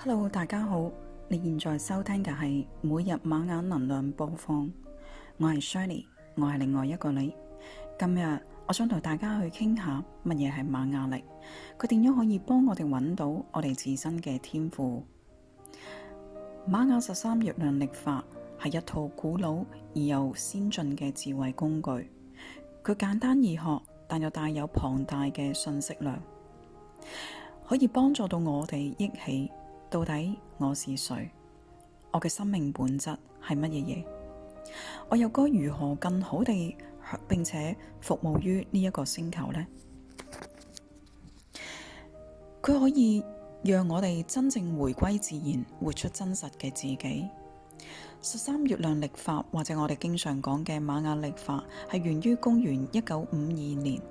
hello，大家好，你現在收聽嘅係每日瑪雅能量播放，我係 Shirley，我係另外一個你。今日我想同大家去傾下乜嘢係瑪雅曆，佢點樣可以幫我哋揾到我哋自身嘅天賦？瑪雅十三月亮曆法係一套古老而又先進嘅智慧工具，佢簡單易學，但又帶有龐大嘅信息量，可以幫助到我哋憶起。到底我是誰？我嘅生命本質係乜嘢嘢？我又該如何更好地並且服務於呢一個星球呢？佢可以讓我哋真正回歸自然，活出真實嘅自己。十三月亮曆法，或者我哋經常講嘅瑪雅曆法，係源於公元一九五二年，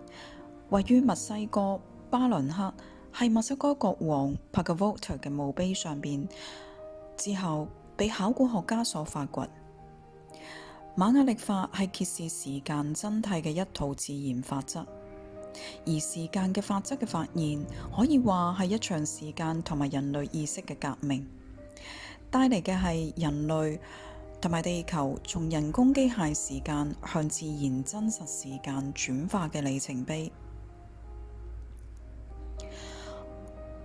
位於墨西哥、巴倫克。係墨西哥國王帕克·沃特嘅墓碑上邊之後，被考古學家所發掘。瑪雅曆法係揭示時間真諦嘅一套自然法則，而時間嘅法則嘅發現，可以話係一場時間同埋人類意識嘅革命，帶嚟嘅係人類同埋地球從人工機械時間向自然真實時間轉化嘅里程碑。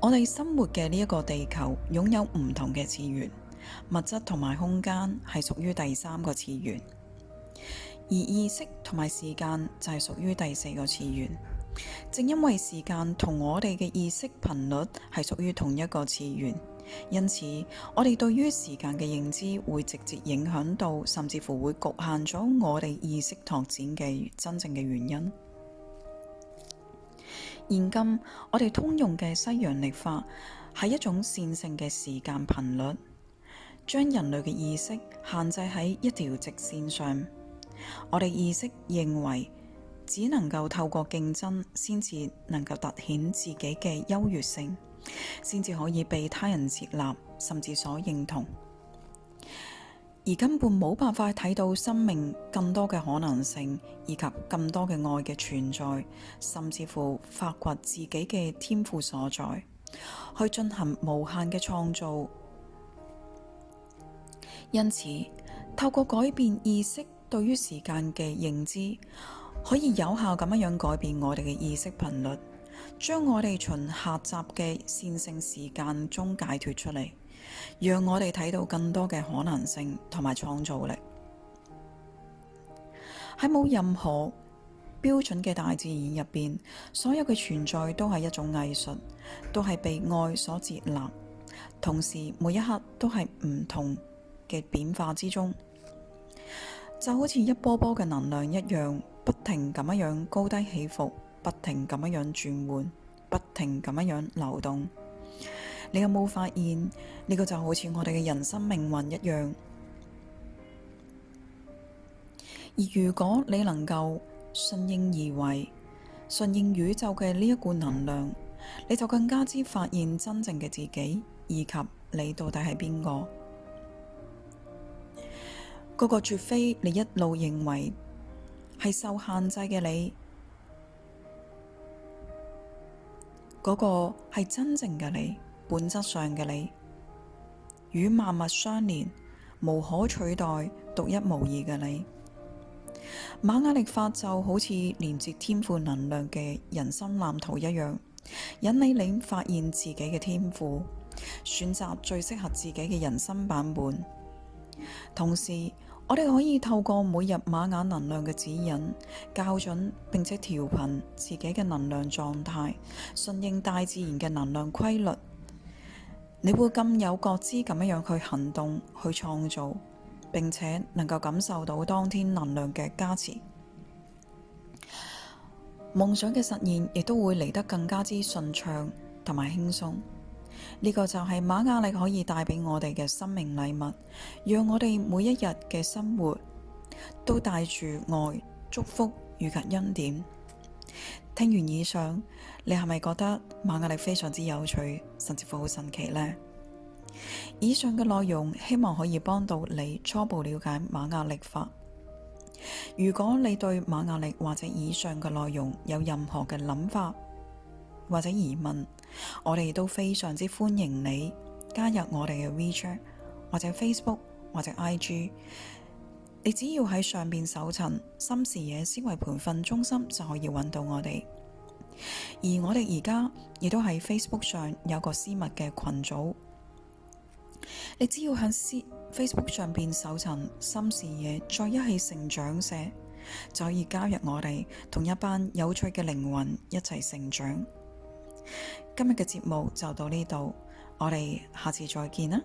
我哋生活嘅呢一個地球擁有唔同嘅次元，物質同埋空間係屬於第三個次元，而意識同埋時間就係屬於第四個次元。正因為時間同我哋嘅意識頻率係屬於同一個次元，因此我哋對於時間嘅認知會直接影響到，甚至乎會局限咗我哋意識拓展嘅真正嘅原因。現今我哋通用嘅西洋曆法係一種線性嘅時間頻率，將人類嘅意識限制喺一條直線上。我哋意識認為，只能夠透過競爭，先至能夠凸顯自己嘅優越性，先至可以被他人接納，甚至所認同。而根本冇辦法睇到生命更多嘅可能性，以及更多嘅愛嘅存在，甚至乎發掘自己嘅天賦所在，去進行無限嘅創造。因此，透過改變意識對於時間嘅認知，可以有效咁樣樣改變我哋嘅意識頻率，將我哋從狹窄嘅線性時間中解脫出嚟。讓我哋睇到更多嘅可能性同埋創造力。喺冇任何標準嘅大自然入邊，所有嘅存在都係一種藝術，都係被愛所接納，同時每一刻都係唔同嘅變化之中。就好似一波波嘅能量一樣，不停咁樣樣高低起伏，不停咁樣樣轉換，不停咁樣樣流動。你有冇發現呢個就好似我哋嘅人生命運一樣？而如果你能夠順應而為，順應宇宙嘅呢一股能量，你就更加之發現真正嘅自己，以及你到底係邊個？嗰個絕非你一路認為係受限制嘅你，嗰個係真正嘅你。本質上嘅你與萬物相連，無可取代、獨一無二嘅你。瑪雅曆法就好似連接天賦能量嘅人生藍圖一樣，引領你發現自己嘅天賦，選擇最適合自己嘅人生版本。同時，我哋可以透過每日瑪雅能量嘅指引，校準並且調頻自己嘅能量狀態，順應大自然嘅能量規律。你會咁有覺知咁樣樣去行動、去創造，並且能夠感受到當天能量嘅加持，夢想嘅實現亦都會嚟得更加之順暢同埋輕鬆。呢個就係瑪雅曆可以帶俾我哋嘅生命禮物，讓我哋每一日嘅生活都帶住愛、祝福以及恩典。聽完以上，你係咪覺得瑪雅曆非常之有趣，甚至乎好神奇呢？以上嘅內容希望可以幫到你初步了解瑪雅曆法。如果你對瑪雅曆或者以上嘅內容有任何嘅諗法或者疑問，我哋都非常之歡迎你加入我哋嘅 WeChat 或者 Facebook 或者 IG。你只要喺上面搜尋心視野思維培訓中心就可以揾到我哋，而我哋而家亦都喺 Facebook 上有個私密嘅群組，你只要喺 Facebook 上邊搜尋心視野再一起成長社就可以加入我哋，同一班有趣嘅靈魂一齊成長。今日嘅節目就到呢度，我哋下次再見啦。